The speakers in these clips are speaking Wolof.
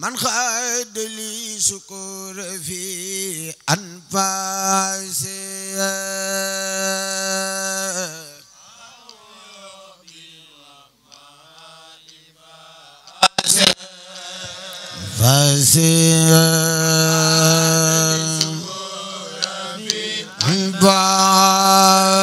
man xaad li sukur fi anfaasi faasi anfaasi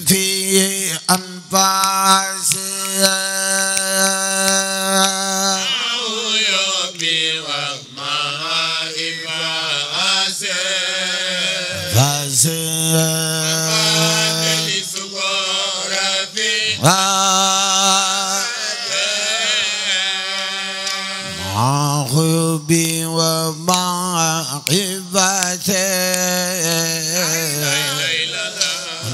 في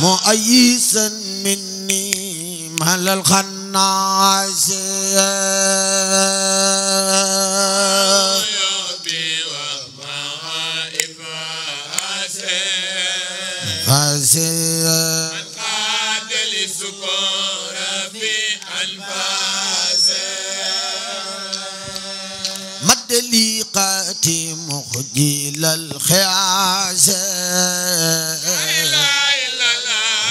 مؤيسا مني مهل الخناس فاسيا من قاد للسكور في انفاسه مد لي قاتي مخجل الخياسه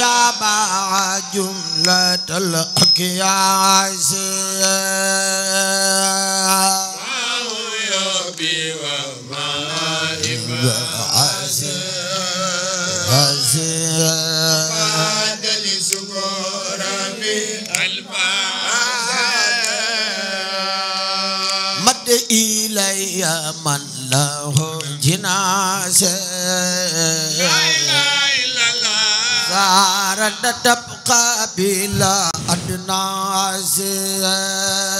يا باع جملة الأكياس مد إلي من له جناسه أنت تبقى بلا أدنى عزيز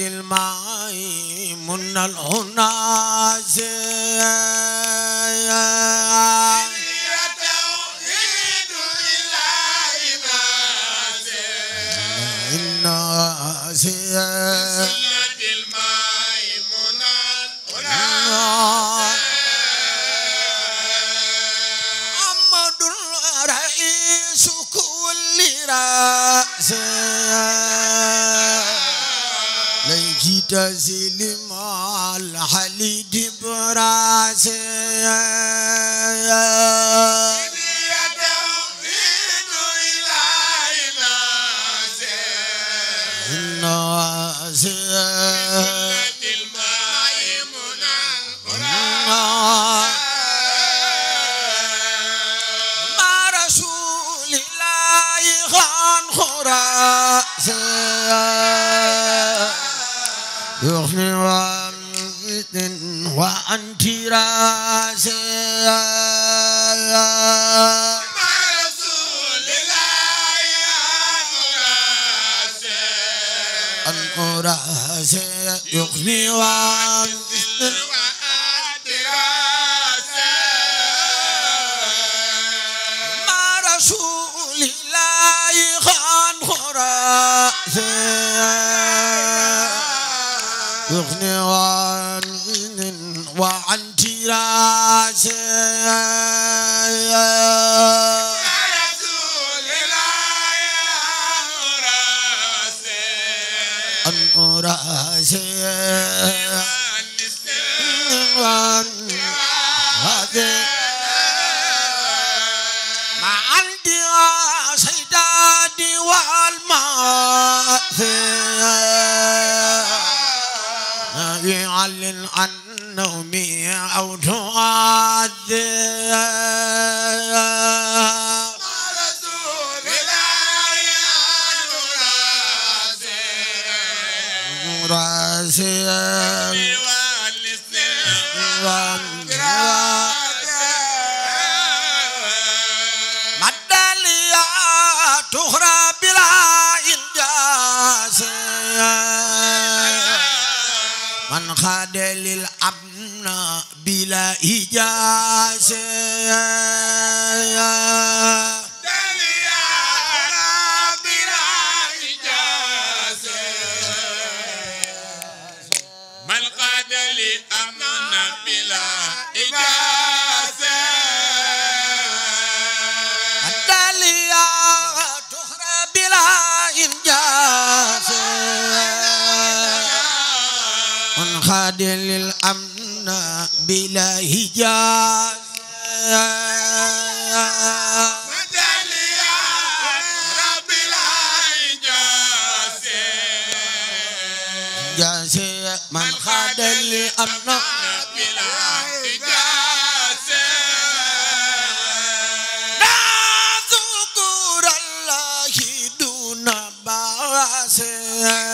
الماء من الأناس أحمد رئيس كل رأس جيت سلم الحليد براسي وأنت راسي المراسي يغني وعن اغني وعن تراسي أن أراسي تعلن عن نومي أو تعذب مراسي من خاد للأمن بلا إجازة الحاد للأمن بلا هجاز من خاد للأمن بلا هجاز لا ذكر الله دون بواسع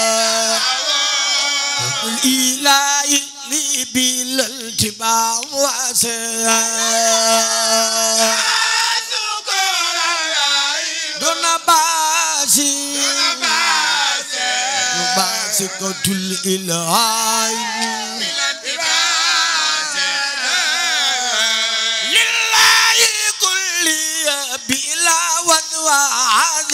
الإله لي بالالتباع واسع دون باسي باسكة الإله لله كل بلا وذوى عذاب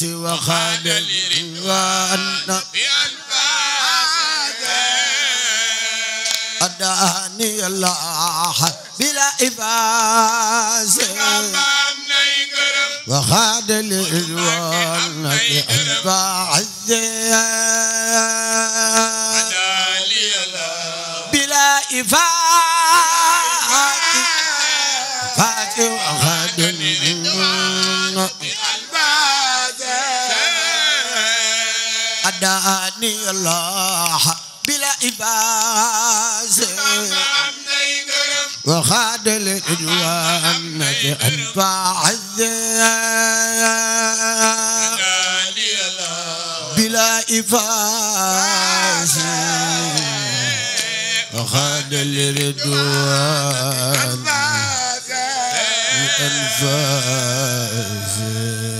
الناس وخاد الرضوان أداني الله بلا إفاس وخاد الرضوان بأنفع بلا إفاس فاتي وخاد الرضوان وداني الله بلا إباس وخاد الإدوان نجأ فعذاب بلا إفاس وخاد الإدوان الأنفاس